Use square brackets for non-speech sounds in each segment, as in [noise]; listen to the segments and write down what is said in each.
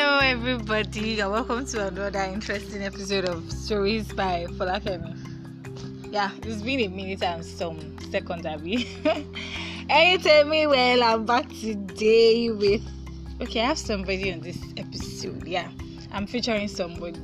Hello, everybody, and welcome to another interesting episode of Stories by Folafemi. Yeah, it's been a minute and some seconds, Abby. [laughs] hey, tell me, well, I'm back today with. Okay, I have somebody on this episode. Yeah, I'm featuring somebody.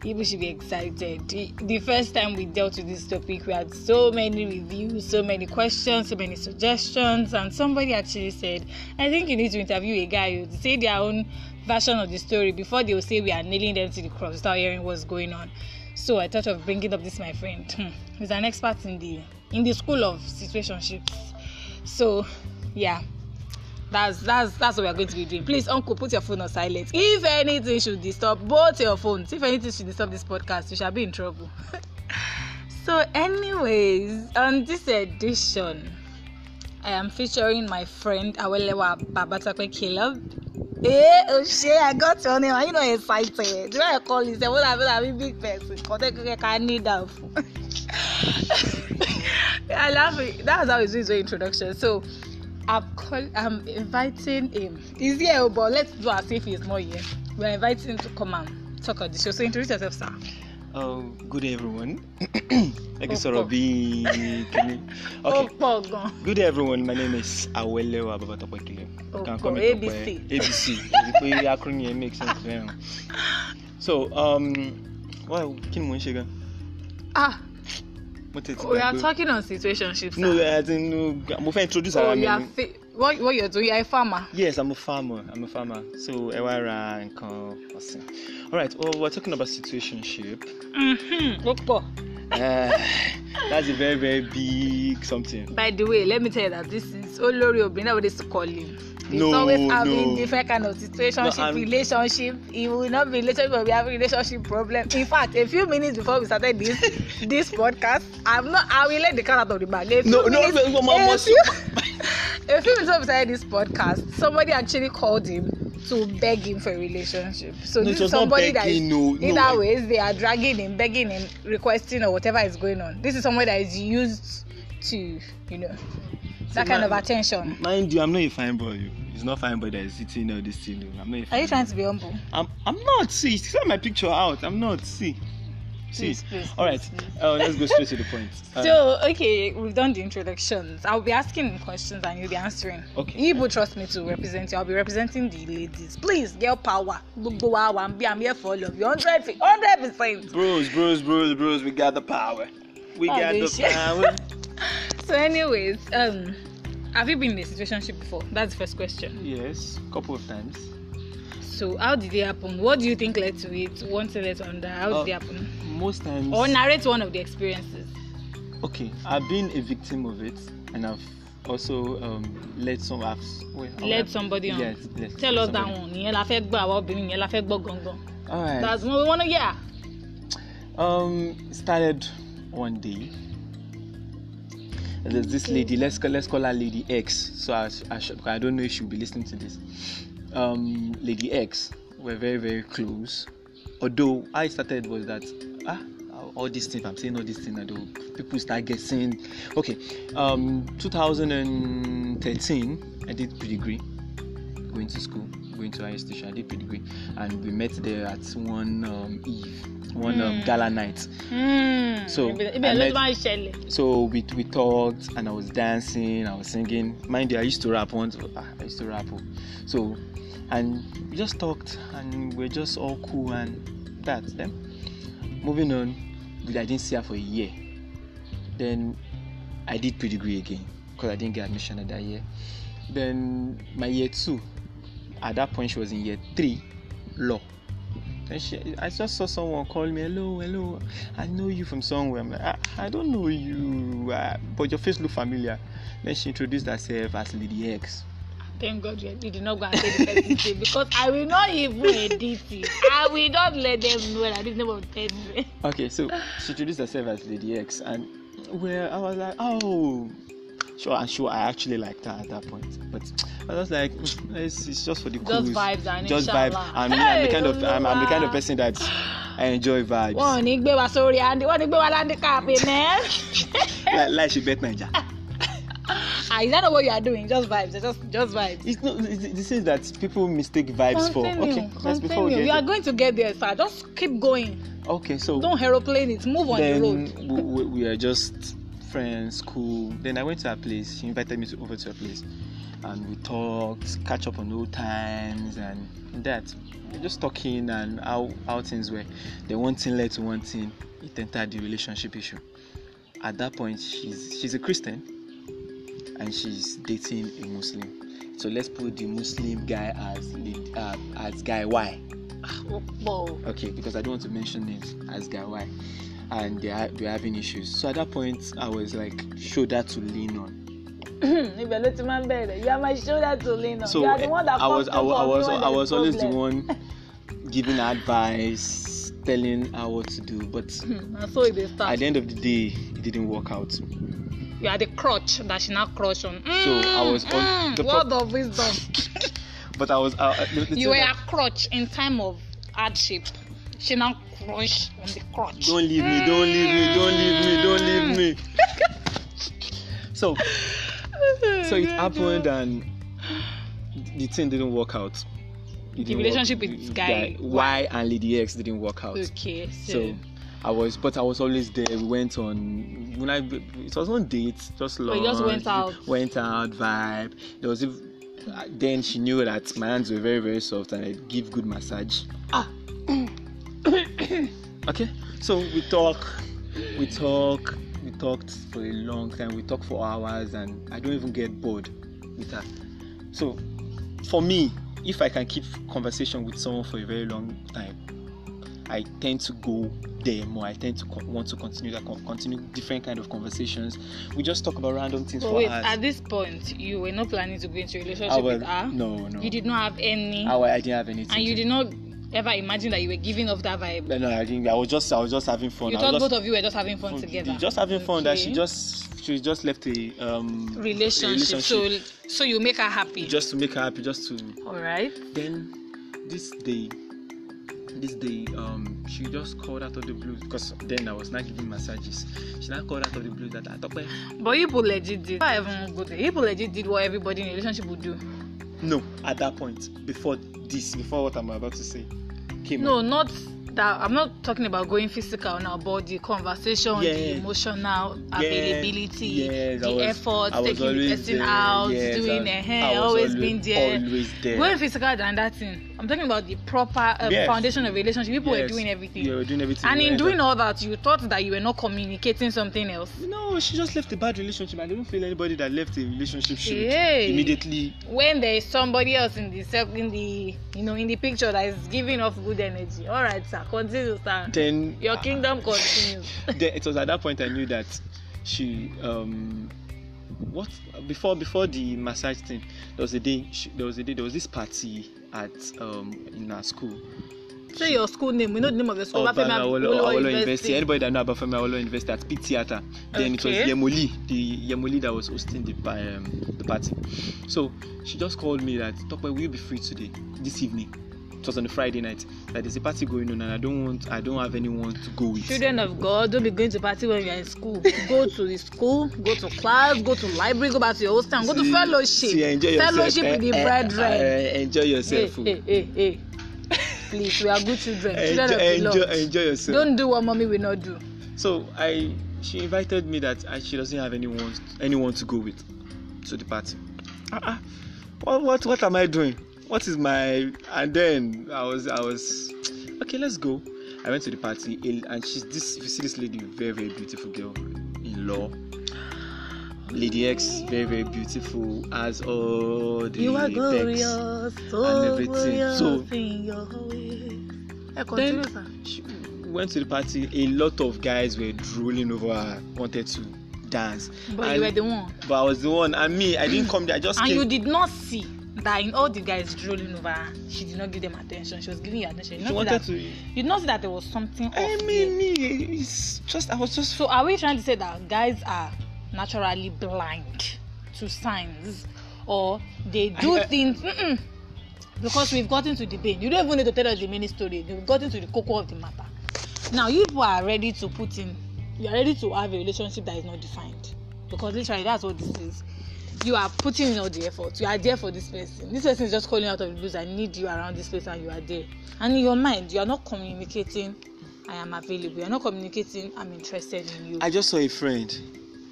People should be excited. The first time we dealt with this topic, we had so many reviews, so many questions, so many suggestions, and somebody actually said, I think you need to interview a guy who say their own version of the story before they will say we are nailing them to the cross without hearing what's going on. So I thought of bringing up this my friend. Hmm. He's an expert in the in the school of situationships. So yeah. That's that's that's what we are going to be doing. Please, Uncle, put your phone on silent. If anything should disturb both your phones, if anything should disturb this podcast, you shall be in trouble. [laughs] so, anyways, on this edition, I am featuring my friend Awelewa Babatakwe Caleb Eh, Oshe, I got your name. Are you not excited? Do I call you? Say, what I mean, big person. Because I can need that. I love it. That's how we do his introduction. So, I'm call, I'm inviting him. He's here, oh, but let's do as if he's not here. We're inviting him to come and talk on the show. So, introduce yourself, sir. Oh, good everyone. Ẹ kì í sọ̀rọ̀ Okay. Good day, everyone, my name is Awelewa Babatope Can Ó pọ̀ ABC. ABC. Èyí pé acronym yẹn make sense fẹ́ hàn. So, um, why kí ni mò ń ṣe gan? Ah. Mo tètè gbàgbé. We are talking on situationships. No, I think no, mo fẹ́ introduce our oh, name what what you're doing you're a farmer. yes i'm a farmer i'm a farmer so ẹ wá ra all right well we're talking about situationship. ó pọ̀. that's a very very big something. by the way let me tell you that this is olórí obìnrin that we calling. He's no, always having no. different kind of situationship, no, relationship. It will not be relationship, but we have relationship problem. In fact, a few minutes before we started this this podcast, I'm not. I will let the cat out of the bag. A few no, minutes, no, no, no, no, no, no, no, no, no, no, no, no, no, no, no, no, reason behind this podcast, somebody actually called him to beg him for a relationship. So no, this is somebody that that is, no, either no. ways they are dragging him, begging him, requesting or whatever is going on. This is somebody that is used to, you know, so that kind mind, of attention. Mind you, I'm not a fine boy. It's not fine boy that is sitting on this thing. I'm not. are you trying to be humble? I'm. I'm not. See, see my picture out. I'm not. See. Please, please, All right. Uh, let's go straight to the point. Uh, [laughs] so, um, okay, we've done the introductions. I'll be asking questions and you'll be answering. Okay. You will trust me to represent you. I'll be representing the ladies. Please, girl power. Look, go out I'm here for all of you. 100%. 100%. Bros, bros, bros, bros. We got the power. We oh, got the power. [laughs] so, anyways, um, have you been in a situation before? That's the first question. Yes, couple of times so how did it happen what do you think led to it one sentence on under, how uh, did it uh, happen most times or narrate one of the experiences okay i've been a victim of it and i've also um, led some i led have somebody on yes, yes, tell us somebody. that one ìyẹn la fẹ́ gbọ́ àwọn obìnrin ìyẹn la fẹ́ gbọ́ gangan all right that's what we wanna hear um started one day there's this lady let's call let's call her lady x so I, I, I don't know if she'll be listening to this um, Lady X were very, very close. Although I started was that ah all these things I'm saying all these things and people start guessing. Okay, um, 2013 I did pre-degree going to school going to a station. I did pretty and we met there at one um, eve, one mm. um, hmm. gala night. Mm. So, met, so we we talked, and I was dancing, I was singing. Mind you, I used to rap once. Ah, I used to rap, oh. so and we just talked, and we we're just all cool and that. Then moving on, I didn't see her for a year. Then I did pre-degree again because I didn't get admission that year. Then my year two, at that point she was in year three law and she i just saw someone call me hello hello i know you from somewhere i'm like i, ah, I don't know you uh, but your face look familiar then she introduced herself as lady x thank god you did not go and say the person name because i will not even edit it i will not let them know that this name was third okay so she introduced herself as lady x and well i was like oh sure and sure I actually liked her at that point. But I was like, hmm, it's, it's just for the just cruise. vibes and just inshallah. vibe. I'm, hey, I'm the kind of I'm, I'm the kind of person that I enjoy vibes. Wọ́n ní gbé wa sórí Andy, wọ́n ní gbé wa láńdí káàpì mẹ́. Like she bet Naija. [laughs] Ah, is that not what you are doing? Just vibes. Eh? Just just vibes. It's not. It's, this is that people mistake vibes continue, for. Okay, let's before we get. You are going to get there, sir. Just keep going. Okay, so don't aeroplane it. Move on the road. we, we are just friends, school. Then I went to her place. She invited me to, over to her place, and we talked, catch up on old times and that. Just talking and how how things were. The one thing led to one thing. It entered the relationship issue. At that point, she's she's a Christian, and she's dating a Muslim. So let's put the Muslim guy as uh, as guy Y. Okay, because I don't want to mention names as guy Y and they are, they are having issues. So at that point, I was like shoulder to lean on. [laughs] you are my shoulder to lean on. So I was, I was, I was always the one giving advice, telling her what to do. But [laughs] so at the end of the day, it didn't work out. You are the crutch that she now crutch on. Mm, so I mm, was on mm, the word pro- of wisdom. [laughs] but I was. Uh, you were that. a crutch in time of hardship. She now on the crotch. Don't leave me, don't leave me, don't leave me, don't leave me. so so it oh, happened and the thing didn't work out. It the relationship work, with guy, guy Y and Lady X didn't work out. Okay, so. so I was, but I was always there. We went on when I it was on dates, just lunch. Oh, we just went out, went out vibe. There was then she knew that my hands were very very soft and I give good massage. Ah, [clears throat] [coughs] okay, so we talk, we talk, we talked for a long time. We talked for hours, and I don't even get bored with her. So, for me, if I can keep conversation with someone for a very long time, I tend to go there more. I tend to co- want to continue that con- continue different kind of conversations. We just talk about random things but for wait, hours. At this point, you were not planning to go into a relationship was, with her. No, no. You did not have any. I, I didn't have anything. And you did not ever imagine that you were giving off that vibe? No, I didn't. I was just, I was just having fun. You thought just, both of you were just having fun together. Just having okay. fun. That she just, she just left a um relationship. relationship. So, so you make her happy. Just to make her happy, just to. All right. Then, this day, this day, um, she just called out of the blue because then I was not giving massages. She now called out of the blue that I thought. But you legit did. I haven't go there. People legit did what everybody in a relationship would do. No, at that point, before this, before what I'm about to say came No, up. not that I'm not talking about going physical now, but the conversation, yeah. the emotional availability, yes, the was, effort, taking the person there. out, yes, doing a hair, eh, always, always being there. Always there. Going physical than that thing. I'm talking about the proper uh, yes. foundation of relationship. People yes. were doing everything. Yeah, were doing everything. And in doing all that, you thought that you were not communicating something else. No, she just left a bad relationship. I didn't feel anybody that left a relationship should hey. immediately. When there is somebody else in the in the you know in the picture that is giving off good energy. All right, sir. Continue, sir. Then your kingdom ah. continues. [laughs] then it was at that point I knew that she um what before before the massage thing there was a day she, there was a day there was this party at um, in our school. Say your school name. We know the name of the school. Obafemi Awolowo University. Anybody that know Obafemi Awolowo University at Pit Theater. Then okay. it was Yemoli, the Yemoli that was hosting the um, the party. So she just called me that Tope, will you be free today, this evening? it was on a Friday night that there's a party going on and I don't want I don't have anyone to go with. Children of God, don't be going to party when you're in school. go to the school, go to class, go to library, go back to your host and go to fellowship. See, enjoy yourself. Fellowship eh, with the eh, eh, brethren. Eh, eh, enjoy yourself. Hey, hey, hey, hey. Please, we are good children. Eh, children enjoy, of the enjoy, Lord. Enjoy yourself. Don't do what mommy will not do. So I she invited me that I, she doesn't have anyone anyone to go with to the party. Uh-uh. What, what what am I doing? what is my and then i was i was okay let's go i went to the party and she's this if you see this lady very very beautiful girl in law Lady X, very very beautiful, as all the you are glorious, so and everything. So then she went to the party. A lot of guys were drooling over her, wanted to dance. But and, you were the one. But I was the one, and me, I didn't come there. I just and came. you did not see that in all the guys drooling over her she did not give them attention she was giving you attention you she wanted that, to you know that there was something i mean me it's just i was just so are we trying to say that guys are naturally blind to signs or they do I, I, things mm-mm, because we've gotten to the pain you don't even need to tell us the mini story we've gotten to the koko of the matter now you people are ready to put in you are ready to have a relationship that is not defined because literally that's what this is you are putting in all the effort you are there for this person this person is just calling out of the blues i need you around this place and you are there and in your mind you are not communicating i am available you are not communicating i'm interested in you. i just saw a friend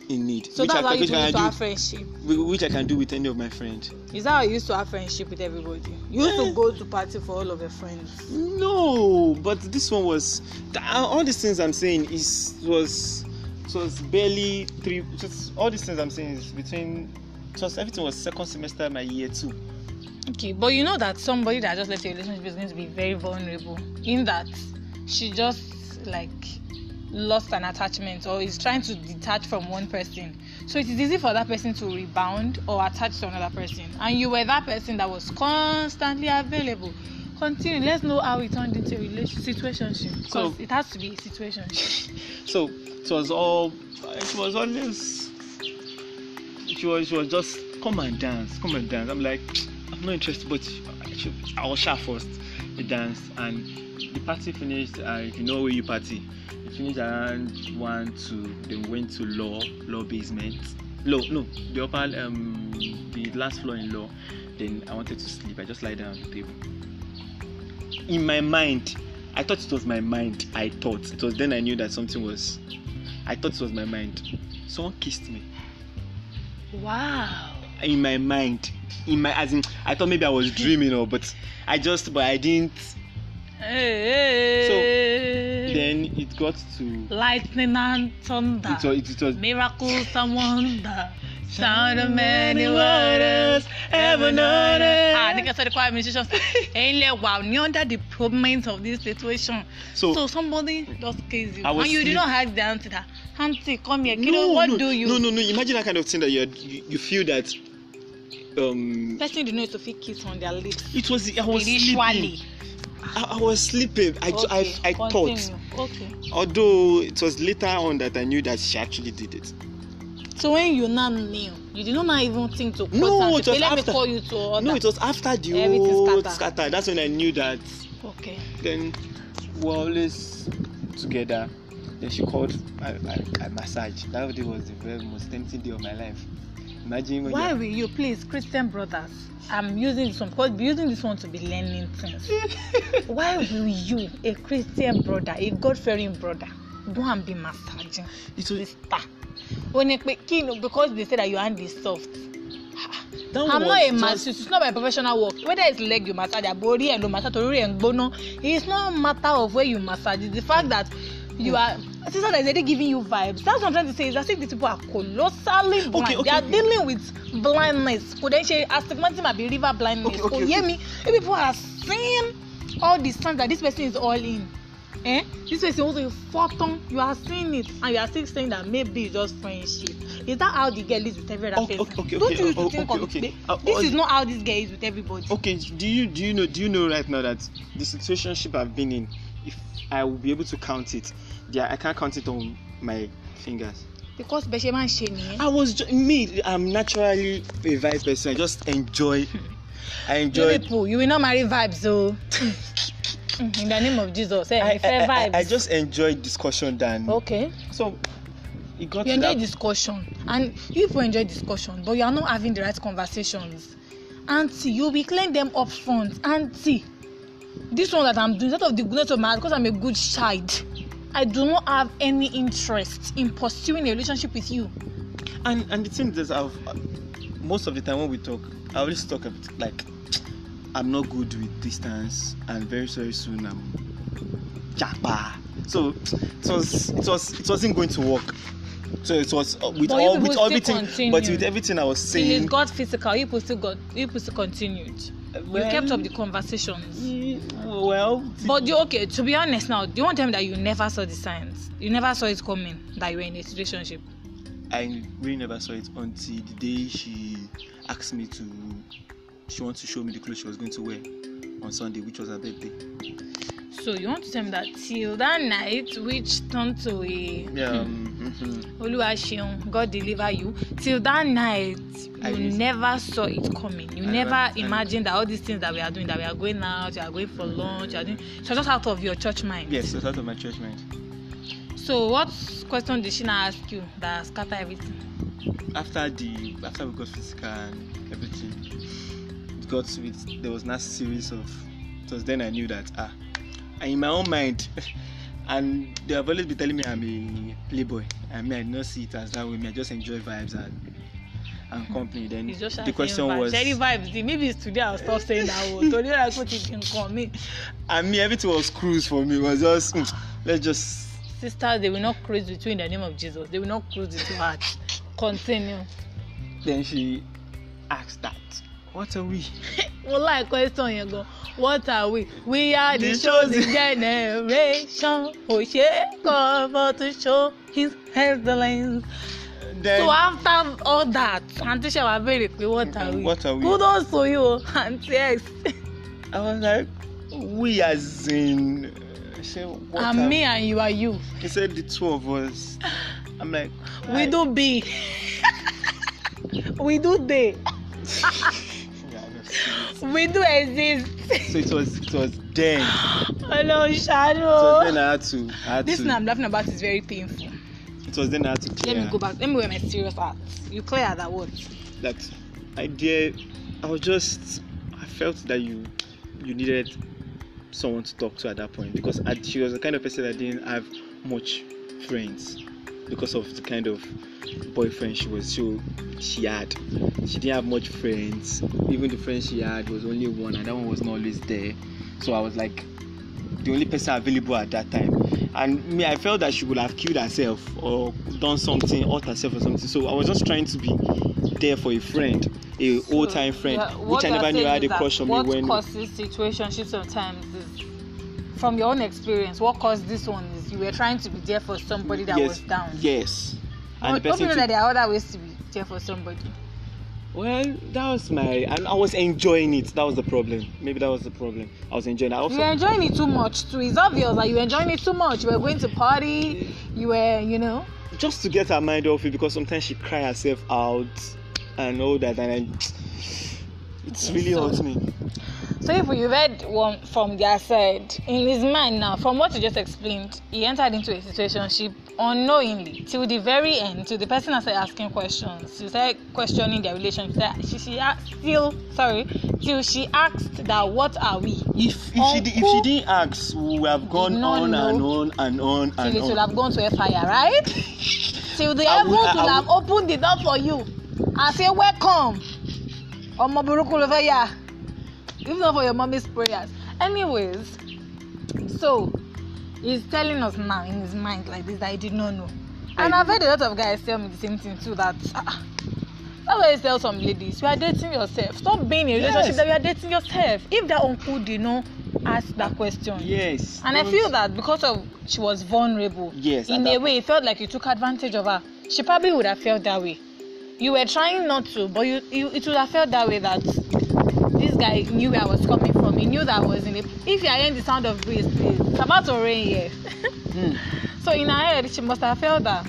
in need. So which that's I, how you do our friendship. Which I can do with any of my friends. Is that how you used to have friendship with everybody? You used to go to party for all of your friends. No, but this one was uh, all the things I'm saying is was was barely three. Just all the things I'm saying is between because everything was second semester my year two. Okay, but you know that somebody that just left a relationship is going to be very vulnerable in that she just like lost an attachment or is trying to detach from one person. So it is easy for that person to rebound or attach to another person. And you were that person that was constantly available. Continue. Let's know how it turned into a situationship. So it has to be a situation. [laughs] so it was all. It was always she was, she was just come and dance, come and dance. I'm like, I'm not interested, but she, I was shy first. The dance. and the party finished. Uh, if you know where you party, it finished around one, two. Then we went to law, law basement. Law, no, the upper, um, the last floor in law. Then I wanted to sleep. I just lie down on the table. In my mind, I thought it was my mind. I thought it was then I knew that something was. I thought it was my mind. Someone kissed me. Wow. In my mind, in my as in, I thought maybe I was [laughs] dreaming or, but I just, but I didn't. Hey. So then it got to lightning and thunder. It was, it, it was miracles and wonder. [laughs] Sound of many waters, heaven on earth. Ah, nigga said the choir musicians. Ain't [laughs] let wow, under the problems of this situation. So, so somebody just kills you, and you did not have the answer auntie come here kilo no, what no, do you. no no no imagine that kind of thing that you you feel that. Um, person do not know to fit kiss on their lips. it was i was sleeping. I, I was sleeping. I, okay, I, I continue. thought. Okay. Although it was later on that I knew that she actually did it. So when you now knew, you did not even think to call no, it was say, after, let me call you to order. No, it was after the Everything whole scatter. That's when I knew that. Okay. Then we're always together. Then she called a, a, a massage. That day was the very most tempting day of my life. Imagine when Why will you please, Christian brothers? I'm using this one because using this one to be learning things. [laughs] Why will you, a Christian brother, a God-fearing brother, go and be massaging it's sister? When it, because they say that your hand is soft. that i'm not a masseuse it's not my professional work whether it's leg you massage your body, ẹ̀ massage torí orí ẹ̀ ń it's not a matter of where you massage it's the fact that you are sister is already giving you vibes that's what i'm trying to say is as if these people are colossally blind okay, okay, they are okay. dealing with blindness kò dẹ́ ṣe astigmatism àbí river blindness kò yé mi if people are seeing all the signs that this person is all in eh this person also photon you are seeing it and you are still saying that maybe it's just friendship is that how the girl is with every other oh, person okay, okay, don't okay, you okay, oh, oh, think okay, of okay. Uh, this uh, is not how this girl is with everybody. okay do you do you know do you know right now that the situationship i've been in if I will be able to count it. Yeah, I can't count it on my fingers. Because bẹ́ẹ̀ ṣe máa ń I was me I'm naturally a vibe person I just enjoy I enjoy. You people you will not marry vibes o. Oh. Mm, in the name of Jesus eh I, fair vibes. I, I, just enjoy discussion than. Okay. So you to that. enjoy discussion and you people enjoy discussion but you are not having the right conversations. Auntie, you be clean them up front Auntie. this one that i'm doing out of the goodness of my heart because i'm a good child i do not have any interest in pursuing a relationship with you and and the thing is i've most of the time when we talk i always talk a bit like i'm not good with distance and very very soon i'm japa so it was it was it wasn't going to work so it was uh, with but all with everything but with everything i was saying He got physical people still got people still continued well, you kept up the conversations. Well, but you okay, to be honest now, do you want to tell me that you never saw the signs? You never saw it coming that you were in a relationship? I really never saw it until the day she asked me to, she wanted to show me the clothes she was going to wear on Sunday, which was her birthday. So you want to tell me that till that night, which turned to a yeah, hmm, um, mm-hmm. Oluwaseun, God deliver you. Till that night, you used, never saw it coming. You I never imagined that all these things that we are doing, that we are going out, we are going for lunch, we are doing. So just out of your church mind. Yes, it's out of my church mind. So what question did she now ask you that scatter everything? After the after we got physical and everything, it got sweet. There was that series of. It was then I knew that ah in my own mind [laughs] and they have always been telling me i'm a playboy i mean i no see it as that way me i just enjoy vibes and and company then the question vibes. was any vibes the maybe it's today was stop saying that word today i go to call me. i mean everything was cruise for me it was just mm, let's just. sisters they will not cruise with you in the name of jesus they will not cruise with your heart continue. then she asked that what are we. [laughs] mo like question yẹn gan what are we we are the chosen [laughs] generation òṣèkọ but to show his excellence. Then, so after all that aunty ṣẹwa béèrè pé what are we what are we kudos to you aunty x. I was like we as in say and me and you are you. he said the two of us I'm like. we do be [laughs] we do dey. we do exist. so it was it was then. Hello, Shadow. So then I had to. I had this to, thing I'm laughing about is very painful. It was then I had to clear. Let me go back. Let me wear my serious hat. You clear that word. That idea, I was just. I felt that you you needed someone to talk to at that point because I, she was the kind of person that didn't have much friends because of the kind of boyfriend she was so she had she didn't have much friends even the friends she had was only one and that one was not always there so i was like the only person available at that time and me i felt that she would have killed herself or done something hurt herself or something so i was just trying to be there for a friend a so, old time friend yeah, which i never knew I had a crush on me when what causes situationships sometimes is from your own experience what caused this one you were trying to be there for somebody that yes, was down. Yes. And well, the person don't you know that there are other ways to be there for somebody. Well, that was my, and I was enjoying it. That was the problem. Maybe that was the problem. I was enjoying. It. I also, you were enjoying it too much too. It's obvious that like, you enjoying it too much. You were going to party. You were, you know. Just to get her mind off it, because sometimes she cry herself out and all that, and I, it's really so, hurts me. So if you read one from their side, in his mind now, from what you just explained, he entered into a situationship unknowingly till the very end, till the person started asking questions, she started questioning their relationship. She, she asked, still sorry, till she asked that what are we? If if she if she didn't ask, we would have gone on and on and on and till on. Till it will have gone to a fire, right? [laughs] till the heavens will, will have opened the door for you and say welcome. ọmọ burúkú ló fẹ́ yà. Even for your mommy's prayers. Anyways, so he's telling us now in his mind like this that he did not know. And I've heard a lot of guys tell me the same thing too that ah, that's why I tell some ladies, you are dating yourself. Stop being in a relationship yes. that you are dating yourself. If that uncle did not ask that question. Yes. And I feel that because of she was vulnerable. Yes. In a way, point. it felt like you took advantage of her. She probably would have felt that way. You were trying not to, but you, you it would have felt that way that this guy knew where I was coming from. He knew that I was in it. If you are hearing the sound of breeze, please, it's about to rain here. mm. [laughs] So in her head, she must have felt that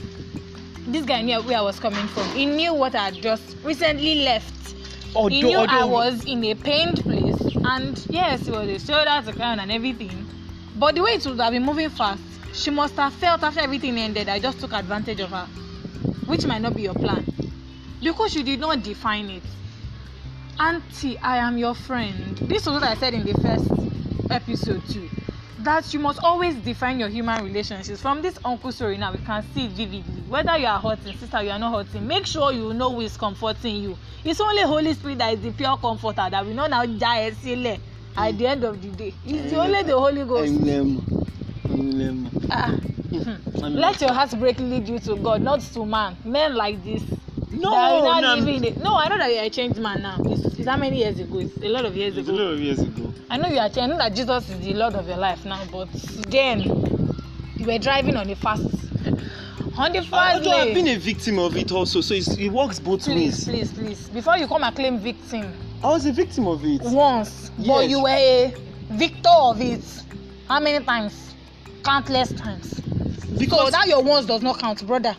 this guy knew where I was coming from. He knew what I had just recently left. he knew I was in a pained place, and yes, it was a shoulder to crown and everything. But the way it would have been moving fast, she must have felt after everything ended, I just took advantage of her, which might not be your plan, because you did not define it. auntie i am your friend this was what i said in the first episode too that you must always define your human relationships from this uncle story now we can see vividly whether you are hurting sister you are not hurting make sure you know who is comforting you it's only holy spirit that is the pure comforter that we know now ja esile at the end of the day it's only the holy ghost. ah let your heartbreak lead you to god not to man men like this No, no, no, no, I know that you are a changed man now. It's, it's how many years ago? It's a lot of years it's ago. It's a lot of years ago. I know you are changed. I know that Jesus is the Lord of your life now, but then you were driving on the fast. On the first Although I've been a victim of it also, so it's, it works both please, ways. Please, please, before you come and claim victim. I was a victim of it. Once, yes. but you were a victor of it. How many times? Countless times. Because so that your once does not count, brother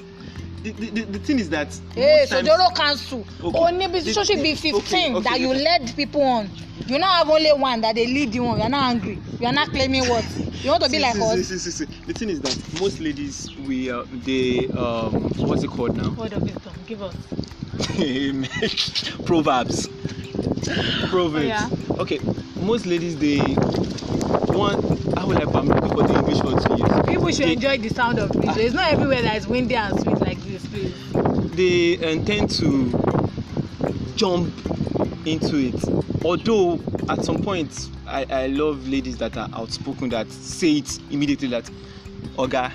the, the, the thing is that. hey sojoro council okay. onibi so should be fifteen okay, okay, that you okay. led people on you no have only one that dey lead you on you are not angry you are not claiming what you want to see, be like see, us. See, see, see, see. the thing is that most ladies we uh, um, what's it called now. word of wisdom give us. [laughs] proverbs proverbs oh, yeah. okay most ladies dey want how will i pam looking for english word to use. people should they, enjoy the sound of music ah. it's not everywhere that is windy and sweet they uh, intend to jump into it although at some point i i love ladies that are outspoken that say it immediately that oga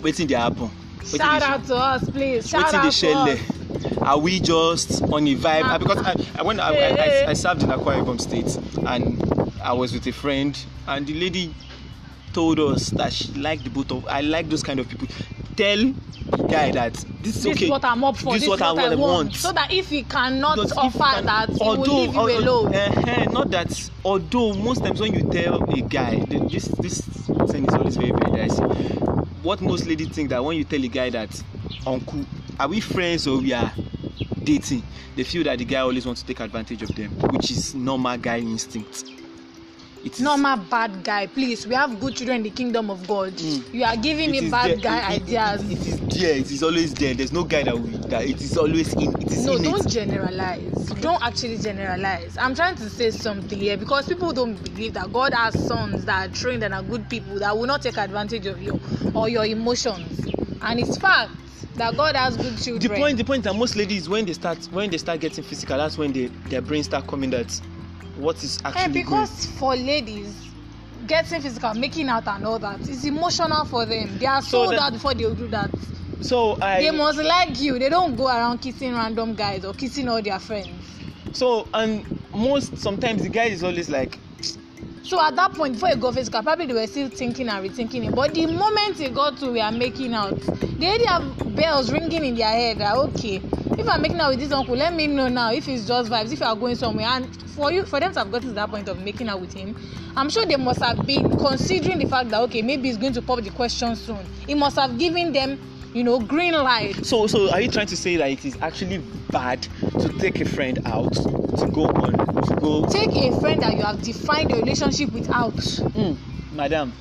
wetin dey happen wetin dey shout out to us please shout out to us are we just on a vibe uh because i i when I, I i i served in akwa ibom state and i was with a friend and the lady told us that she liked the both of i like those kind of people tell guy that this is this okay what i'm up for, this, this what, what i, I want. want so that if he cannot because offer he can, that he will leave you although, alone. Uh, uh, not that although most times when you tell a guy this this thing is always very very nice. what most ladies think that when you tell a guy that uncle are we friends or we are dating they feel that the guy always wants to take advantage of them which is normal guy instinct it is normal bad guy please we have good children in the kingdom of god mm. you are giving it me bad there. guy it, it, ideas it, is there it is always there there is no guy that will that it is always in it is no, in it no don't generalize don't actually generalize i'm trying to say something here because people don't believe that god has sons that are trained and are good people that will not take advantage of you or your emotions and it's fact that God has good children. The point, the point that most ladies, when they start, when they start getting physical, that's when they, their brain start coming that what is eh, actually hey, because going. for ladies getting physical making out and all that is emotional for them they are so sold that, out before they do that so i they must like you they don't go around kissing random guys or kissing all their friends so and most sometimes the guy is always like so at that point before you go physical probably they were still thinking and rethinking it but the moment you got to we are making out they already have bells ringing in their head like, okay if i'm making out with this uncle let me know now if it's just vibes if you are going somewhere and for you for them to have gotten to that point of making out with him i'm sure they must have been considering the fact that okay maybe he's going to pop the question soon he must have given them you know green light. so so are you trying to say that it is actually bad to take a friend out to go on to go. take a friend that you have defined a relationship without. Mm, madam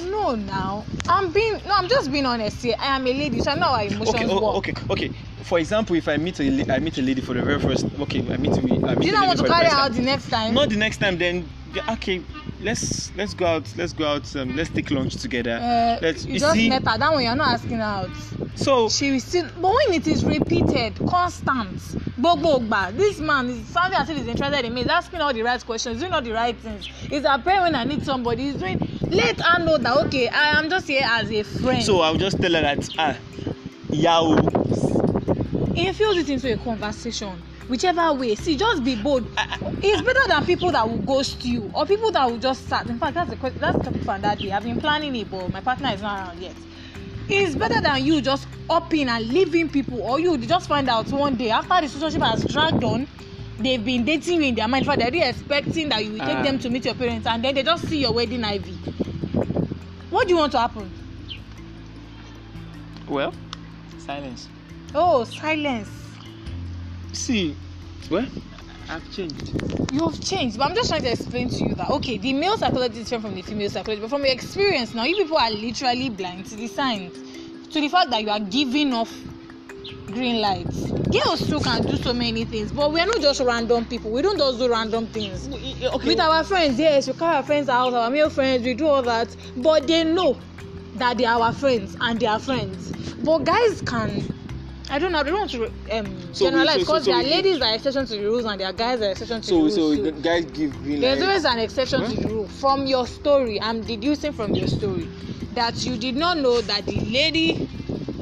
no now i'm being no i'm just being honest here i am a lady so i know how emotions okay, oh, work okay okay for example if i meet a i meet a lady for the very first okay i meet me i meet do you not want to carry her out the next time not the next time then okay let's let's go out let's go out um, let's take lunch together. Uh, let's, you, you just see? met her that one you're not asking out. so she will still but when it is repeated constant gbogbo gba this man is sounding as if he's interested in me he's asking all the right questions doing all the right things he's appearing when i need somebody he's doing let her know that okay i am just here as a friend. so i will just tell her that ah yahoo. Oh. infuse it into a conversation whichever way see just be bold it's better than people that will ghost you or people that will just start in fact that's the question that's the topic for that day i've been planning it but my partner is not around yet it's better than you just upping and leaving people or you just find out one day after the relationship has dragged on they've been dating you in their mind for they're really expecting that you will take uh, them to meet your parents and then they just see your wedding ivy what do you want to happen well silence oh silence See, well, I've changed. You've changed, but I'm just trying to explain to you that okay, the male psychology is different from the female psychology, but from your experience now, you people are literally blind to the signs, to the fact that you are giving off green lights. Girls too can do so many things, but we are not just random people. We don't just do random things. Okay. With our friends, yes, we carry our friends out, our male friends, we do all that, but they know that they are our friends and they are friends. But guys can I don't know. I don't want to um, so generalize because so, so, so, there are ladies that are exception to the rules and there are guys that are exception to the rules. So, so guys give green There's like, always an exception huh? to the rule. From your story, I'm deducing from your story that you did not know that the lady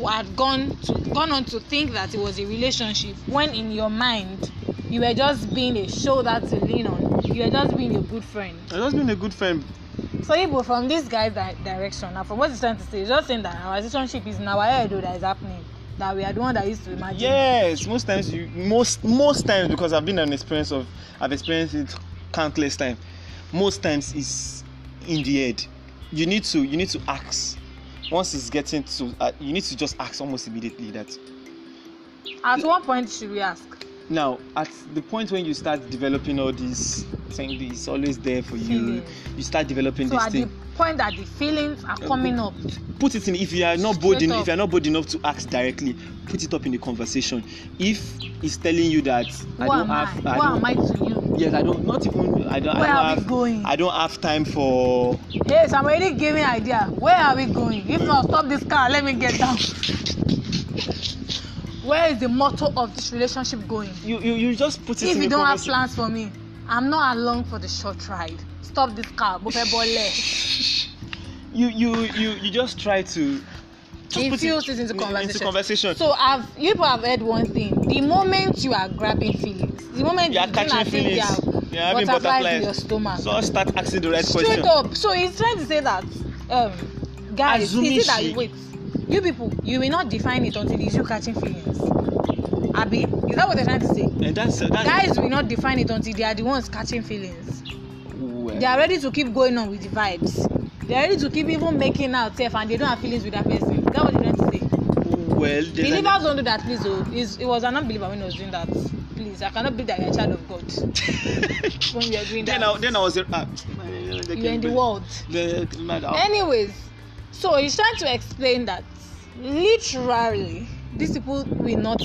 had gone to, gone on to think that it was a relationship when in your mind you were just being a shoulder to lean on. You were just being a good friend. I just being a good friend. So Igbo from this guy's di direction now from what he's trying to say he's just saying that our relationship is in our head that is happening we are the one that used to imagine. Yes, most times you most most times because I've been an experience of I've experienced it countless times. Most times is in the head. You need to you need to ask. Once it's getting to uh, you need to just ask almost immediately that. At what point should we ask? now at the point when you start developing all these things it's always there for you you start developing so this thing point that the feelings are coming put, up. Put it in if you are not bold enough if you are not bold enough to ask directly, put it up in the conversation. If he's telling you that Who I don't have I? Who am I to you? Yes, I don't not even I don't Where I don't are have, we going? I don't have time for Yes, I'm already giving idea. Where are we going? If not stop this car, let me get down. Where is the motto of this relationship going? You you, you just put it if in you don't have plans for me i'm not along for the short ride stop this car mo fẹ́ [laughs] you you you you just try to. Just it feels it into conversation. into conversation. So I've you people have heard one thing. The moment you are grabbing feelings, the moment you are catching feelings, you are having butterflies in your stomach. So start asking the right Straight question. Straight up. So he's trying to say that, um, guys, Azumi is it that wait, you people, you will not define it until you catching feelings abi is that what they're trying to say. and eh, that's uh, that's guys will not define it until they are the ones catching feelings well. they are ready to keep going on with the vibes they are ready to keep even making out sef and they don't have feelings with that person is that what they're trying to say. well then believers I... don't do that please o oh. it was an unbeliever when he was doing that please i cannot believe that you are a child of god [laughs] when you are doing then that. I, then i was ah. you are in the world. anyways so he's trying to explain that literally these people will not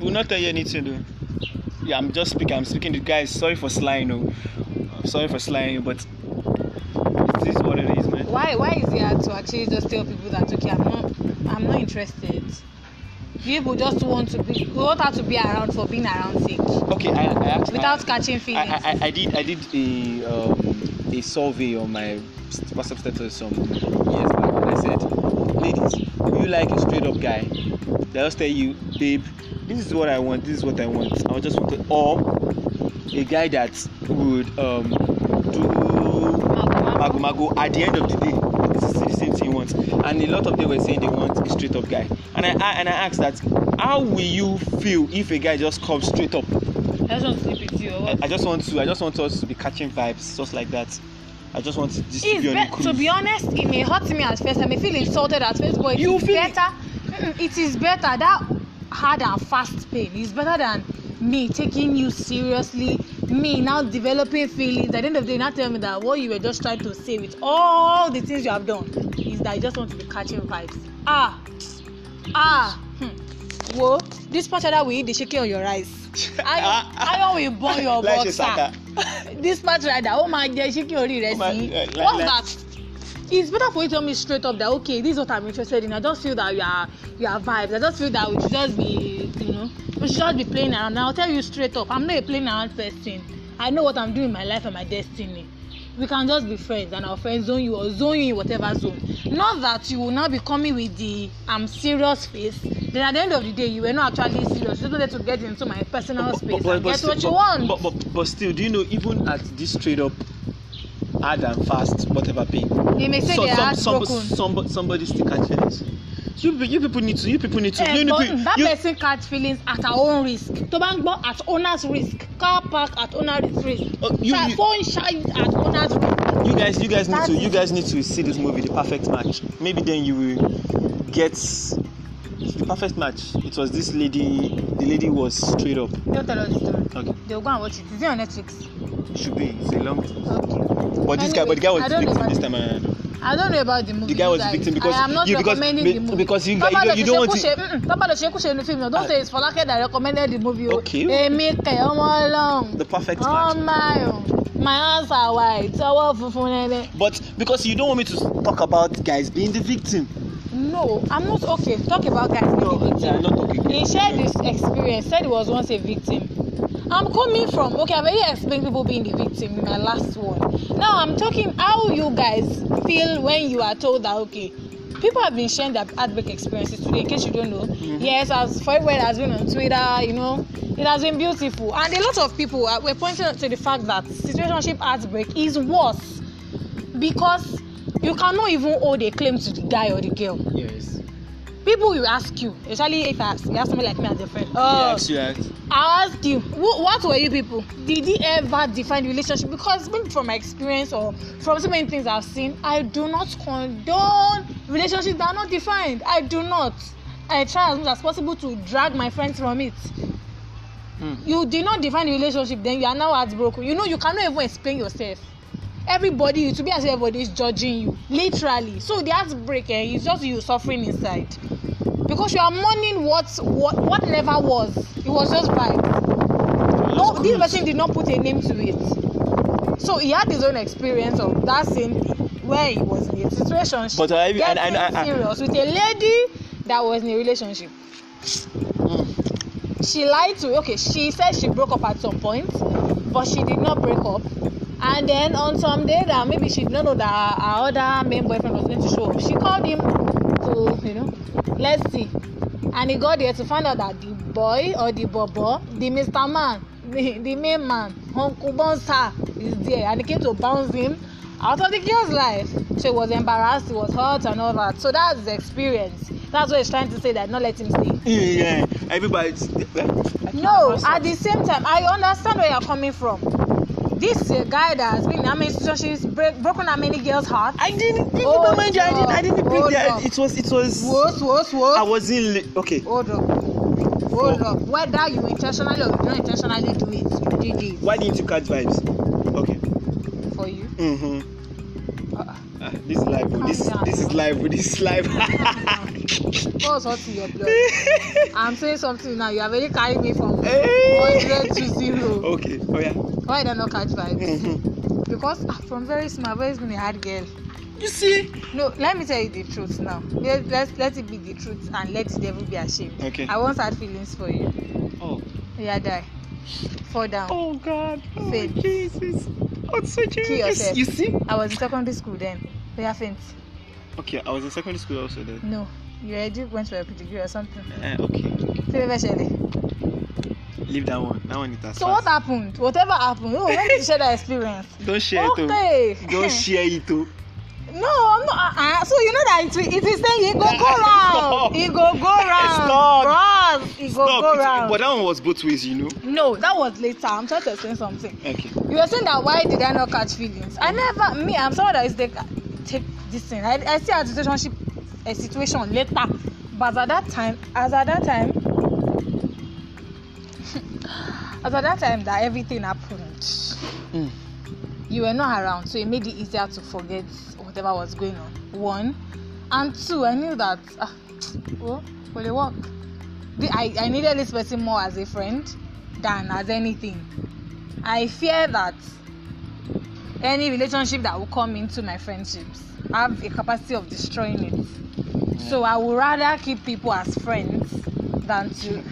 will not tell you anything though. Yeah, I'm just speaking. I'm speaking to guys. Sorry for slaying you. I'm sorry for you. but this is what it is, man. Why? Why is it hard to actually just tell people that okay, I'm not, I'm not interested. People just want to be, want her to be around for being around things? Okay, I, I actually, without I, catching feelings. I, I, I, did, I did a, um, a survey on my WhatsApp status some years back, and I said ladies, you like a straight up guy, they'll tell you, babe, this is what I want, this is what I want. I just want to, or a guy that would um, do mago mago at the end of the day. This is the same thing he wants. And a lot of them were saying they want a straight up guy. And I, I and I asked that, how will you feel if a guy just comes straight up? I just want to sleep with you. I, I just want to. I just want us to be catching vibes, just like that. I just want this to be on be- To be honest, it may hurt me at first. I may feel insulted at first, but you it's better. It? is better that hard and fast pain is better than me taking you seriously. Me now developing feelings. At the end of the day, not tell me that what you were just trying to say with all the things you have done is that I just want to be catching vibes. Ah, ah. Hmm. Whoa, this punch that we eat the shaking on your eyes iron will burn your boxer this part rider ó máa jẹ ṣíkì orí rẹ sí what's that it's better for you to tell me straight up that okay this is what i'm interested in i just feel that you are you are vibes i just feel that we should just be you know we should just be playing around and i'll tell you straight up i'm not a playing around person i know what i'm doing in my life and my destiny we can just be friends and our friends zone you or zone you in whatever zone not that you will now be coming with the i'm um, serious face then at the end of the day you were not actually serious you just wanted to get into my personal but, space but, but, and but get still, what you but, want. But, but, but, still do you know even at this straight up hard and fast whatever pain. they may say so, they are some, broken. Somebody, somebody still catch it you you people need to you people need to. ẹ eh, but that you, person catch feelings at her own risk tó bank ń at owner's risk car park at owner's risk uh, you, you, phone charge at owner's risk. you guys you guys That's need to you guys need to see this movie the perfect match maybe then you will get the perfect match it was this lady the lady was straight up. don't tell us the story. okay they go and watch it is it on netflix should be. It's a long thing. But this guy, but the guy was the victim this time around. I don't know about the movie. The guy was the victim because I am not you, because, recommending because, the movie. Because you, you, you, you don't want to. Tọ́pọ̀ the ṣe kúṣe inú fíìmù Don't ah. say it's for Folake that I recommended the movie. Oh. Okay. Èmi kẹ̀ ọmọ ọlọ́run. The perfect match. Oh ọmọ ayọ̀ oh. my hands are white but because you don't want me to talk about guys being the victim. no i'm not okay talk about guys being no, the victim. no i'm not talking. he shared this experience said he was once a victim I'm coming from. Okay, I've already explained people being the victim in my last one. Now I'm talking how you guys feel when you are told that okay, people have been sharing their heartbreak experiences today. In case you don't know, mm-hmm. yes, as Foyweather has been on Twitter, you know, it has been beautiful, and a lot of people are, were pointing to the fact that situationship heartbreak is worse because you cannot even hold a claim to the guy or the girl. Yes people will ask you especially if you ask somebody like me as a friend. oh yes, yes. i ask you what were you people did you ever define relationship because maybe from my experience or from so many things i've seen i do not condone relationships that are not defined i do not i try as much as possible to drag my friends from it. Mm. you did not define the relationship then you are now heartbroken you know you cannot even explain yourself everybody you to be as everybody is judging you literally so the heartbreak eh is just you suffering inside because you are mourning what what what never was it was just vibes no this person did not put a name to it so he had his own experience of that same thing where he was in a situation but I, getting and, and, serious with a lady that was in a relationship mm. she lied to okay she said she broke up at some point but she did not break up and then on some day that maybe she did not know that her, her other main boyfriend was going to show up she called him to you know let's see and he got there to find out that the boy or the bobo the Mister man the, the main man uncle bouncer is there and he came to bounce him out of the girl's life so he was embarrassed he was hurt and all that so that's the experience that's what he's trying to say that not let him stay. yeah everybody. no at the same time i understand where you're coming from this uh, guy that has been how many situations break, broken how many girls' hearts? I didn't think oh, about mind you. I didn't. I didn't break that. It was. It was. Worse, worse, worse. I wasn't. okay. Hold up. Hold oh. up. Whether you intentionally or you don't intentionally do it, you did it. Why didn't you catch vibes? Okay. For you. Mm-hmm. Uh, this is live. This this is live. This is live. What's in your blood? I'm saying something now. You have already carried me from 100 to 0. Okay, oh yeah. Why did I not catch vibes? Mm-hmm. because ah, from very small, I've always been a hard girl. You see? No, let me tell you the truth now. Let, let, let it be the truth and let the devil be ashamed. Okay. I once had feelings for you. Oh. Yeah, die. Fall down. Oh, God. Oh, Jesus. What's oh, so Jesus? You see? I was in secondary school then. They are faint. Okay, I was in secondary school also then. No. You already went for a degree or something. Uh, okay. Leave that one. That one it has. So fast. what happened? Whatever happened? Oh, when did you share that experience? Don't share okay. it. Okay. Don't share it. Too. Oh. [laughs] Oh. No, I'm not. Uh, uh, so you know that it, it is saying it go go [laughs] round. It go go round. Stop. Bros, it go Stop. go round. It, but that one was both ways, you know. No, that was later. I'm trying to explain something. Okay. You were saying that why did I not catch feelings? I never. Me, I'm someone that is take take this thing. I I see a relationship a situation later. But at that time, as at that time, [laughs] as at that time that everything happened, mm. you were not around, so it made it easier to forget whatever was going on. One, and two, I knew that uh, well, will it work? I, I needed this person more as a friend than as anything. I fear that any relationship that will come into my friendships have a capacity of destroying it so I would rather keep people as friends than to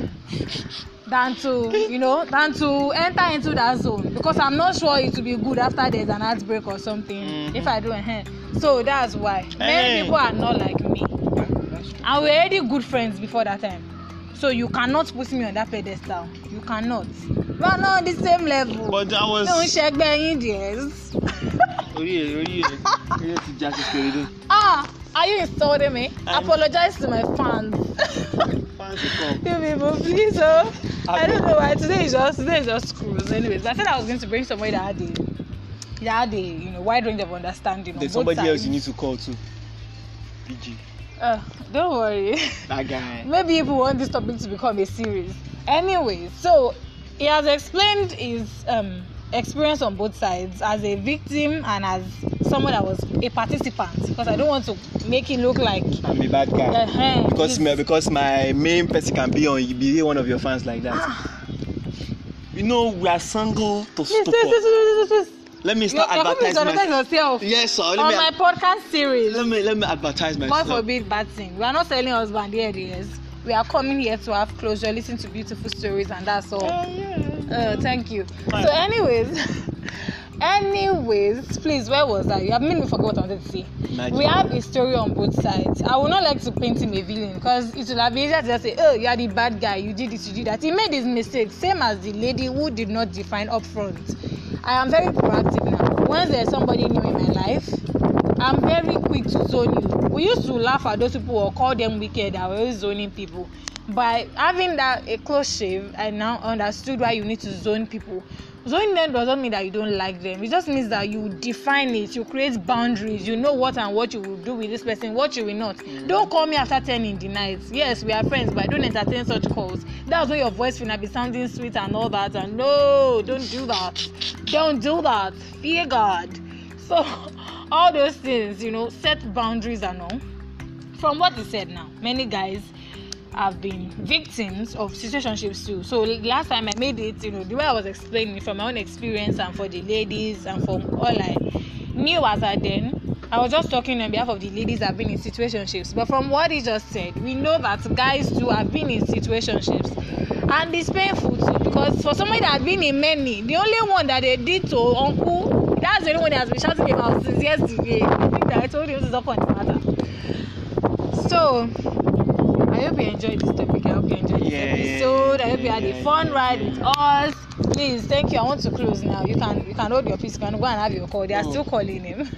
than to you know than to enter into that zone because i'm not sure it will be good after there's an outbreak or something mm-hmm. if i do uh eh, so that's why hey. many people are not like me and we're already good friends before that time so you cannot put me on that pedestal you cannot but not the same level. But that was. Don't check the Indians. Orí orí orí ti Ah, are you insulting me? i Apologize to my fans. [laughs] Fans you people, please, oh. I don't know why today is just today is just cruise. Anyways, I said I was going to bring somebody that had the that had the you know wide range of understanding. There's somebody sides. else you need to call to. PG. Uh, oh, don't worry. That guy. [laughs] Maybe if we want this topic to become a series. Anyway, so He has explained his um, experience on both sides as a victim and as someone that was a participant because I don't want to make it look like I'm a bad guy uh because my, because my main person can be on be one of your fans like that. Ah. You know we are single to stop. Let me start advertising myself. yourself. Yes, sir. Let on me, my podcast series. Let me let me advertise myself. God forbid bad thing. We are not selling husband here, yes we are coming here to have closure, listen to beautiful stories, and that's all. Uh, yeah. uh, thank you. Bye. So, anyways, [laughs] anyways, please, where was I? You have made me forget what I wanted to say. Nigeria. We have a story on both sides. I would not like to paint him a villain because it would have been easier to just say, oh, you are the bad guy, you did this, you did that. He made his mistake, same as the lady who did not define upfront. I am very proactive now. Once there is somebody new in my life, I'm very quick to zone you. We used to laugh at those people or call them wicked that were zoning people. but having that a close shave, I now understood why you need to zone people. Zoning them doesn't mean that you don't like them. It just means that you define it, you create boundaries, you know what and what you will do with this person, what you will not. Mm. Don't call me after 10 in the night. Yes, we are friends, but don't entertain such calls. That's why your voice will not be sounding sweet and all that. And no, don't do that. Don't do that. Fear God so all those things you know set boundaries and all from what he said now many guys have been victims of situationships too so last time i made it you know the way i was explaining from my own experience and for the ladies and from all i knew as I then I was just talking on behalf of the ladies that have been in situationships. But from what he just said, we know that guys too have been in situationships. And it's painful too because for somebody that been in many, the only one that they did to uncle That's the only one he has been shouting about since yesterday. I think that I told him to stop on the matter. So, I hope you enjoyed this topic. I hope you enjoyed this yeah, episode. I hope you had a fun ride with us. Please, thank you. I want to close now. You can you can hold your peace. You can go and have your call. They are still oh. calling him.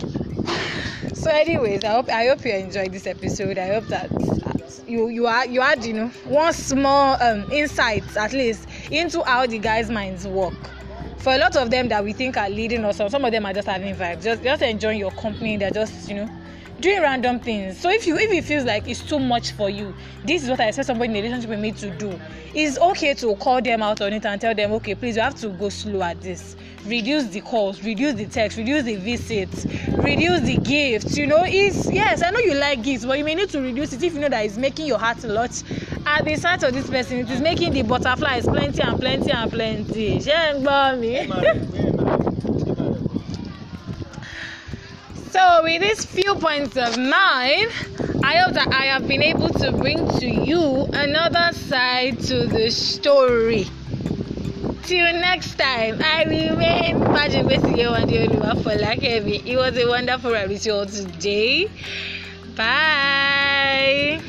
[laughs] so, anyways, I hope I hope you enjoyed this episode. I hope that uh, you you are you had you know one small um insight at least into how the guys' minds work. for a lot of them that we think are leading us on some of them are just having vibes just just enjoying your company they're just you know doing random things so if you if it feels like it's too much for you this is what i expect somebody in a relationship with me to do it's okay to call them out on it and tell them okay please you have to go slow at this reduce the calls reduce the text reduce the visits reduce the gifts you know it's yes i know you like gifts but you may need to reduce it if you know that it's making your heart a lot at the sight of this person it is making the butterflies plenty and plenty and plenty so with these few points of mine i hope that i have been able to bring to you another side to the story. Till next time, I remain Magic Messiah and the Oluwa for Lakemi. It was a wonderful episode today. Bye.